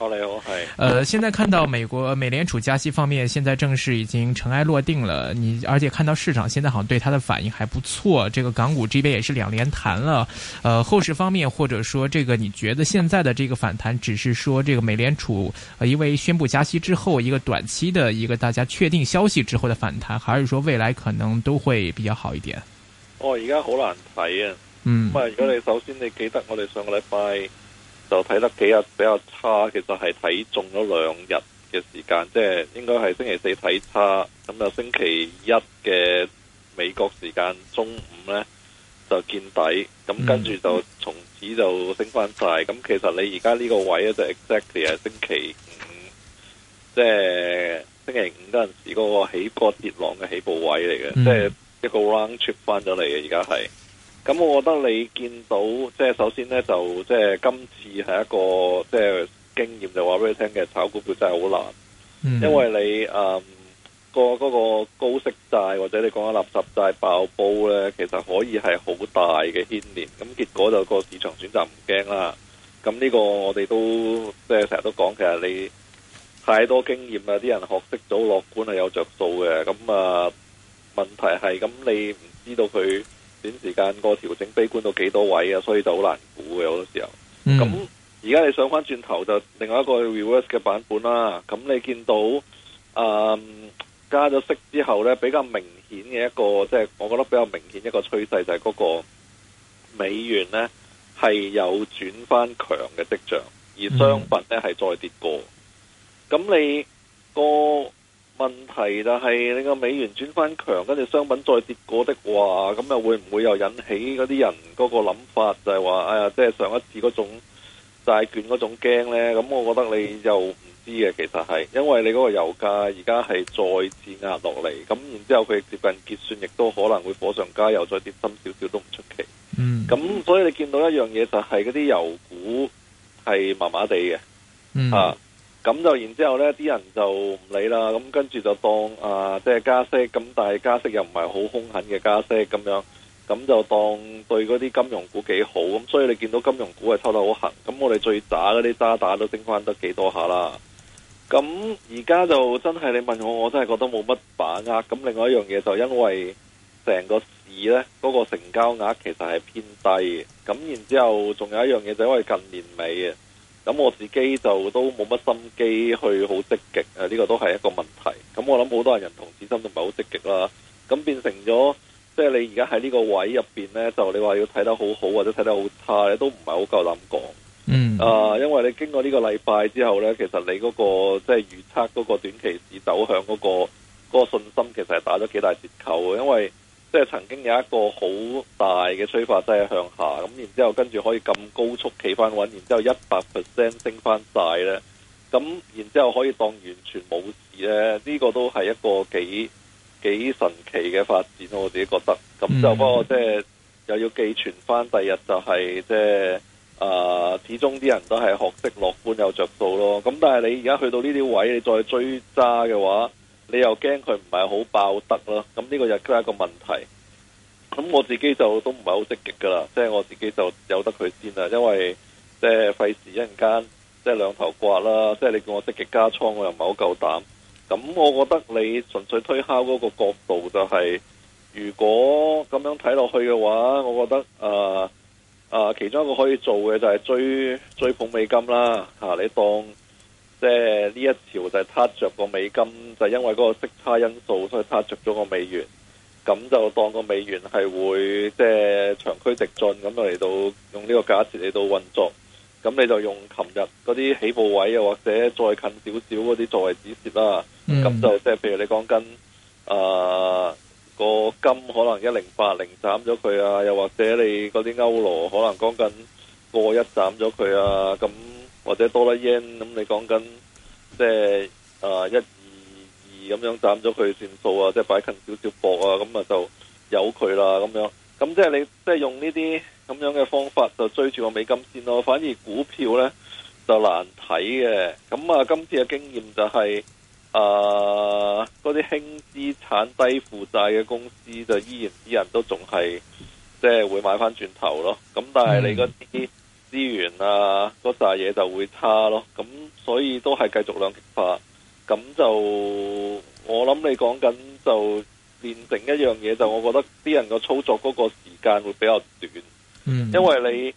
你好，你係。呃，現在看到美國美聯儲加息方面，現在正式已經塵埃落定了。你而且看到市場現在好像對它的反應還不錯，這個港股這邊也是兩連彈了。呃，後市方面，或者說這個你覺得現在的這個反彈，只是說這個美聯儲因為，呃，宣布加息之後一個短期的一個大家確定消息之後的反彈，還是說未來可能都會比較好一點？哦，而家好難睇啊。嗯。不啊，如果你首先你記得我哋上個禮拜。就睇得幾日比較差，其實係睇中咗兩日嘅時間，即係應該係星期四睇差，咁就星期一嘅美國時間中午呢，就見底，咁跟住就從此就升翻晒。咁、嗯嗯、其實你而家呢個位咧就 exactly 係星期五，即、就、係、是、星期五嗰陣時嗰個起波跌浪嘅起步位嚟嘅，嗯、即係一個 round trip 翻咗嚟嘅，而家係。咁我覺得你見到即係首先呢，就即係今次係一個即係經驗就話俾你聽嘅，炒股票真係好難，嗯、因為你誒個嗰個高息債或者你講緊垃圾債爆煲呢，其實可以係好大嘅牽連。咁結果就個市場選擇唔驚啦。咁呢個我哋都即係成日都講，其實你太多經驗呀，啲人學識咗樂觀係有着數嘅。咁啊問題係咁，你唔知道佢。短時間個調整悲觀到幾多位啊，所以就好難估嘅好多時候。咁而家你上翻轉頭就另外一個 reverse 嘅版本啦。咁你見到誒、嗯、加咗息之後呢，比較明顯嘅一個即係、就是、我覺得比較明顯一個趨勢就係嗰個美元呢係有轉翻強嘅跡象，而商品呢係再跌過。咁、嗯、你個？問題就係你個美元轉翻強，跟住商品再跌過的話，咁又會唔會又引起嗰啲人嗰個諗法，就係話，哎呀，即係上一次嗰種債券嗰種驚呢？咁我覺得你又唔知嘅，其實係，因為你嗰個油價而家係再次壓落嚟，咁然之後佢接近結算，亦都可能會火上加油，再跌深少少都唔出奇。嗯，咁所以你見到一樣嘢就係嗰啲油股係麻麻地嘅，嗯、啊。咁就然之後呢啲人就唔理啦。咁跟住就當啊，即係加息。咁但係加息又唔係好凶狠嘅加息咁樣。咁就當對嗰啲金融股幾好。咁所以你見到金融股係抽得好狠。咁我哋最渣嗰啲渣打都升翻得幾多下啦。咁而家就真係你問我，我真係覺得冇乜把握。咁另外一樣嘢，就因為成個市呢，嗰個成交額其實係偏低。咁然之後，仲有一樣嘢就因為近年尾咁我自己就都冇乜心機去好積極，誒、這、呢個都係一個問題。咁我諗好多人同子心都唔係好積極啦。咁變成咗，即係你而家喺呢個位入邊呢，就你話要睇得好好或者睇得好差，你都唔係好夠膽講。嗯啊，因為你經過呢個禮拜之後呢，其實你嗰、那個即係預測嗰個短期市走向嗰、那個那個信心，其實係打咗幾大折扣，因為。即係曾經有一個好大嘅催化劑、即係、向下，咁然之後跟住可以咁高速企翻穩，然之後一百 percent 升翻晒咧，咁然之後可以當完全冇事咧，呢、呢個都係一個幾幾神奇嘅發展咯。我自己覺得，咁就、嗯、不過即、就、係、是、又要寄存翻，第日就係即係啊，始終啲人都係學識樂觀有着數咯。咁但係你而家去到呢啲位，你再追揸嘅話。你又驚佢唔係好爆得咯，咁呢個又加一個問題。咁我自己就都唔係好積極噶啦，即係我自己就由得佢先啦，因為即係費事一陣間即係兩頭刮啦。即係你叫我積極加倉，我又唔係好夠膽。咁我覺得你純粹推敲嗰個角度就係，如果咁樣睇落去嘅話，我覺得啊啊，其中一個可以做嘅就係追追捧美金啦。嚇，你當？即係呢一條就係撻着個美金，就是、因為嗰個息差因素，所以撻着咗個美元。咁就當個美元係會即係、就是、長驅直進，咁嚟到用呢個價錢嚟到運作。咁你就用琴日嗰啲起步位，又或者再近少少嗰啲作為止蝕啦。咁、嗯、就即係譬如你講緊啊個金可能一零八零斬咗佢啊，又或者你嗰啲歐羅可能講緊過一斬咗佢啊，咁。或者多啦 yen 咁，你講緊即係一二二咁樣斬咗佢算數啊，即係擺近少少博啊，咁啊就有佢啦咁樣。咁即係你即係、就是、用呢啲咁樣嘅方法就追住個美金先咯。反而股票呢就難睇嘅。咁啊，今次嘅經驗就係、是、啊，嗰啲輕資產低負債嘅公司就依然啲人都仲係即係會買翻轉頭咯。咁但係你嗰啲。嗯資源啊，嗰扎嘢就會差咯，咁所以都係繼續兩極化，咁就我諗你講緊就變成一樣嘢，就我覺得啲人個操作嗰個時間會比較短，嗯、因為你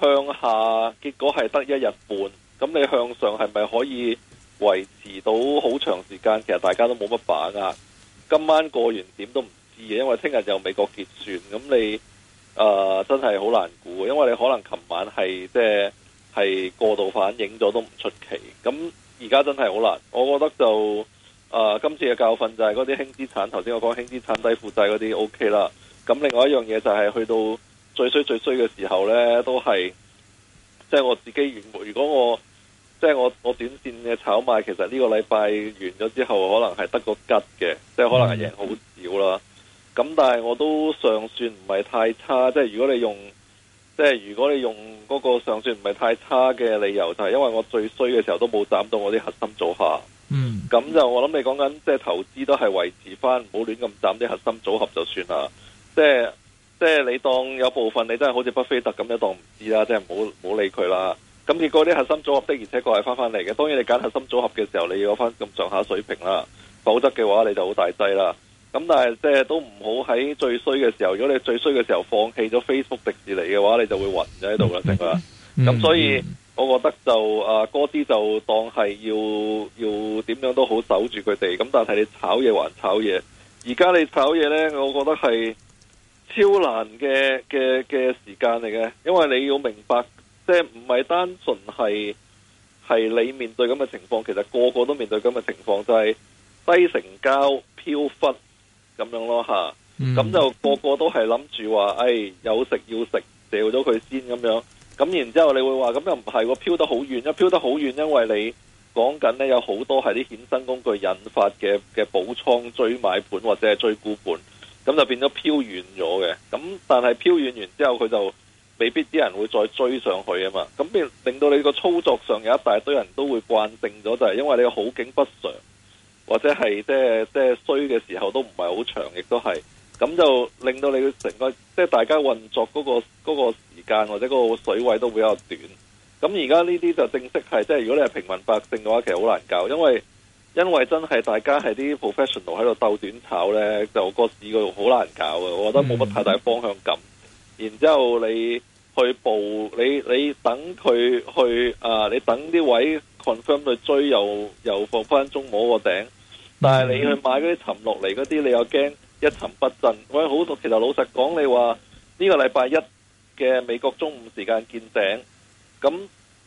向下結果係得一日半，咁你向上係咪可以維持到好長時間？其實大家都冇乜把握，今晚過完點都唔知嘅，因為聽日就美國結算，咁你。誒、呃，真係好難估，因為你可能琴晚係即係係過度反映咗都唔出奇，咁而家真係好難。我覺得就誒、呃、今次嘅教訓就係嗰啲輕資產，頭先我講輕資產低負債嗰啲 OK 啦。咁、OK、另外一樣嘢就係去到最衰最衰嘅時候呢，都係即係我自己，如果我即係、就是、我我短線嘅炒賣，其實呢個禮拜完咗之後，可能係得個吉嘅，即、就、係、是、可能係贏好少啦。嗯咁但係我都尚算唔係太差，即係如果你用，即係如果你用嗰個尚算唔係太差嘅理由，就係因為我最衰嘅時候都冇斬到我啲核心組合。嗯，咁就我諗你講緊即係投資都係維持翻，唔好亂咁斬啲核心組合就算啦。即係即係你當有部分你真係好似巴菲特咁，你當唔知啦，即係冇冇理佢啦。咁結果啲核心組合的而且確係翻返嚟嘅。當然你揀核心組合嘅時候，你要翻咁上下水平啦，否則嘅話你就好大劑啦。咁但係即係都唔好喺最衰嘅時候，如果你最衰嘅時候放棄咗 Facebook、迪士尼嘅話，你就會暈咗喺度啦，明嘛？咁 所以我覺得就啊，啲就當係要要點樣都好守住佢哋。咁但係你炒嘢還炒嘢，而家你炒嘢呢，我覺得係超難嘅嘅嘅時間嚟嘅，因為你要明白，即係唔係單純係係你面對咁嘅情況，其實個個都面對咁嘅情況，就係、是、低成交、飄忽。咁樣咯吓，咁就個個都係諗住話，誒、哎，有食要食，掉咗佢先咁樣。咁然之後你會話，咁又唔係，我飄得好遠，飄得好遠，因為，因為你講緊呢，有好多係啲衍生工具引發嘅嘅補倉追買盤或者係追沽盤，咁就變咗飄遠咗嘅。咁但係飄遠完之後，佢就未必啲人會再追上去啊嘛。咁令令到你個操作上有一大堆人都會慣性咗，就係、是、因為你好景不常。或者係即係即係衰嘅時候都唔係好長，亦都係咁就令到你成個即係、就是、大家運作嗰個嗰個時間或者個水位都比較短。咁而家呢啲就正式係即係如果你係平民百姓嘅話，其實好難搞，因為因為真係大家係啲 professional 喺度鬥短炒呢，就個市嗰度好難搞嘅，我覺得冇乜太大方向感。然之後你。去步你，你等佢去啊！你等啲位 confirm 去追，又又放翻中冇個頂。但係你去買嗰啲沉落嚟嗰啲，你又驚一沉不振。我好其實老實講，你話呢、這個禮拜一嘅美國中午時間見頂，咁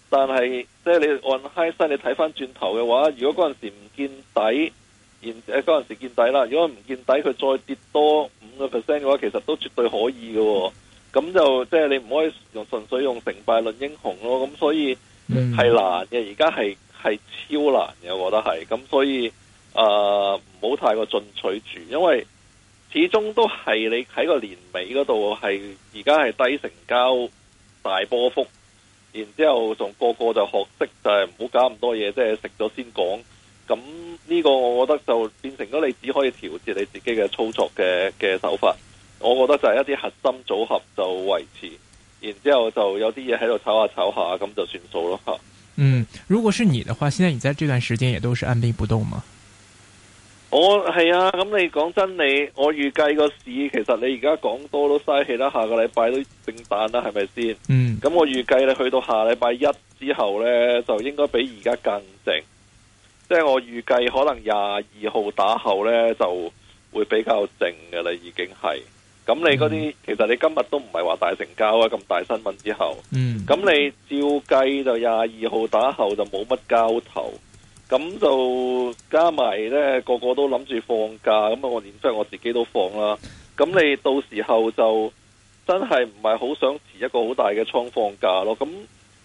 但係即係你按 high side，你睇翻轉頭嘅話，如果嗰陣時唔見底，然嗰陣時見底啦，如果唔見底，佢再跌多五個 percent 嘅話，其實都絕對可以嘅、哦。咁就即係、就是、你唔可以用純粹用成敗論英雄咯，咁所以係難嘅，而家係係超難嘅，我覺得係。咁所以誒唔好太過進取住，因為始終都係你喺個年尾嗰度係而家係低成交、大波幅，然之後仲個個就學識就係唔好搞咁多嘢，即係食咗先講。咁呢個我覺得就變成咗你只可以調節你自己嘅操作嘅嘅手法。我覺得就係一啲核心組合就維持，然之後就有啲嘢喺度炒下炒下咁就算數咯。嗯，如果是你的話，現在你在這段時間也都是按兵不動嗎？我係啊，咁你講真，你我預計個市其實你而家講多都嘥氣啦，下個禮拜都聖誕啦，係咪先？嗯。咁我預計咧，去到下禮拜一之後呢就應該比而家更靜。即係我預計可能廿二號打後呢就會比較靜嘅啦，已經係。咁你嗰啲，嗯、其實你今日都唔係話大成交啊，咁大新聞之後，咁、嗯、你照計就廿二號打後就冇乜交投，咁就加埋咧個個都諗住放假，咁啊我連即係我自己都放啦。咁你到時候就真係唔係好想持一個好大嘅倉放假咯。咁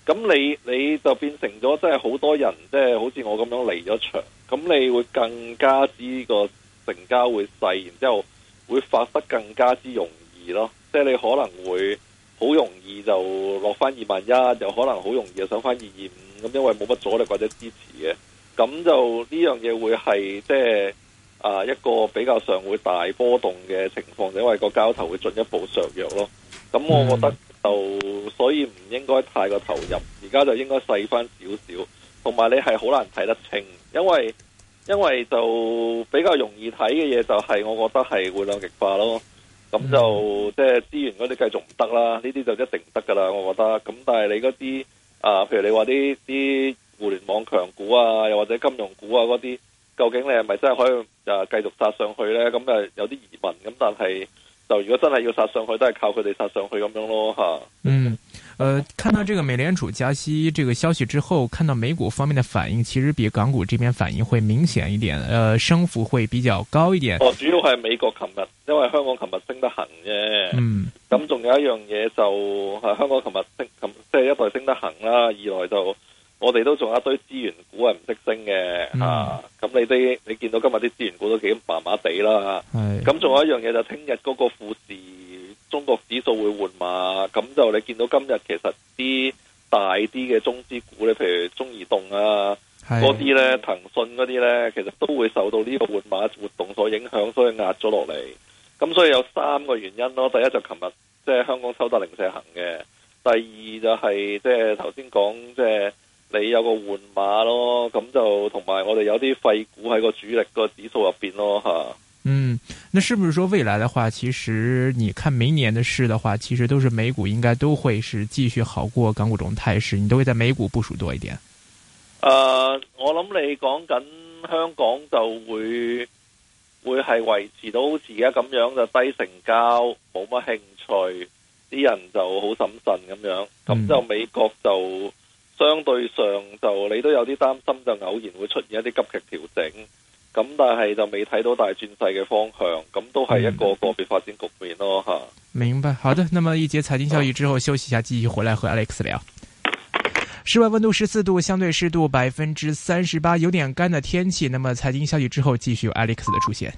咁你你就變成咗，即係好多人即係、就是、好似我咁樣離咗場，咁你會更加知個成交會細，然之後。.會發得更加之容易咯，即係你可能會好容易就落翻二萬一，又可能好容易就上翻二二五咁，因為冇乜阻力或者支持嘅，咁就呢樣嘢會係即係、呃、一個比較上會大波動嘅情況，因為個交投會進一步削弱咯。咁、嗯、我覺得就所以唔應該太過投入，而家就應該細翻少少，同埋你係好難睇得清，因為。因為就比較容易睇嘅嘢，就係我覺得係會兩極化咯。咁就即係資源嗰啲繼續唔得啦，呢啲就一定唔得噶啦。我覺得。咁但係你嗰啲啊，譬如你話啲啲互聯網強股啊，又或者金融股啊嗰啲，究竟你係咪真係可以啊，呃、繼續殺上去咧？咁誒有啲疑問。咁但係就如果真係要殺上去，都係靠佢哋殺上去咁樣咯，吓。嗯。呃，看到這個美聯儲加息這個消息之後，看到美股方面的反應，其實比港股這邊反應會明顯一點，呃，升幅會比較高一點。哦，主要係美國琴日，因為香港琴日升得行嘅。嗯。咁仲有一樣嘢就係香港琴日升，即係一來升得行啦，二來就我哋都仲有一堆資源股係唔識升嘅，嗯、啊，咁你啲你見到今日啲資源股都幾麻麻地啦。咁仲、嗯、有一樣嘢就聽日嗰個富士中國指數會換馬，咁就你見到今日其實啲大啲嘅中資股咧，譬如中移動啊，嗰啲咧騰訊嗰啲咧，其實都會受到呢個換馬活動所影響，所以壓咗落嚟。咁所以有三個原因咯，第一就琴日即係香港收得零舍行嘅，第二就係即係頭先講即係你有個換馬咯，咁就同埋我哋有啲廢股喺個主力個指數入邊咯嚇。嗯，那是不是說未來的話，其實你看明年的事的話，其實都是美股應該都會是繼續好過港股種態勢，你都會在美股部署多一點。誒、呃，我諗你講緊香港就會會係維持到好似而家咁樣就低成交，冇乜興趣，啲人就好審慎咁樣，咁就美國就相對上就你都有啲擔心，就偶然會出現一啲急劇調整。咁但係就未睇到大轉勢嘅方向，咁都係一個個別發展局面咯吓。明白，好的。那麼一節財經消息之後休息一下，繼續回來和 Alex 聊。室外溫度十四度，相對濕度百分之三十八，有點乾的天氣。那麼財經消息之後，繼續有 Alex 的出現。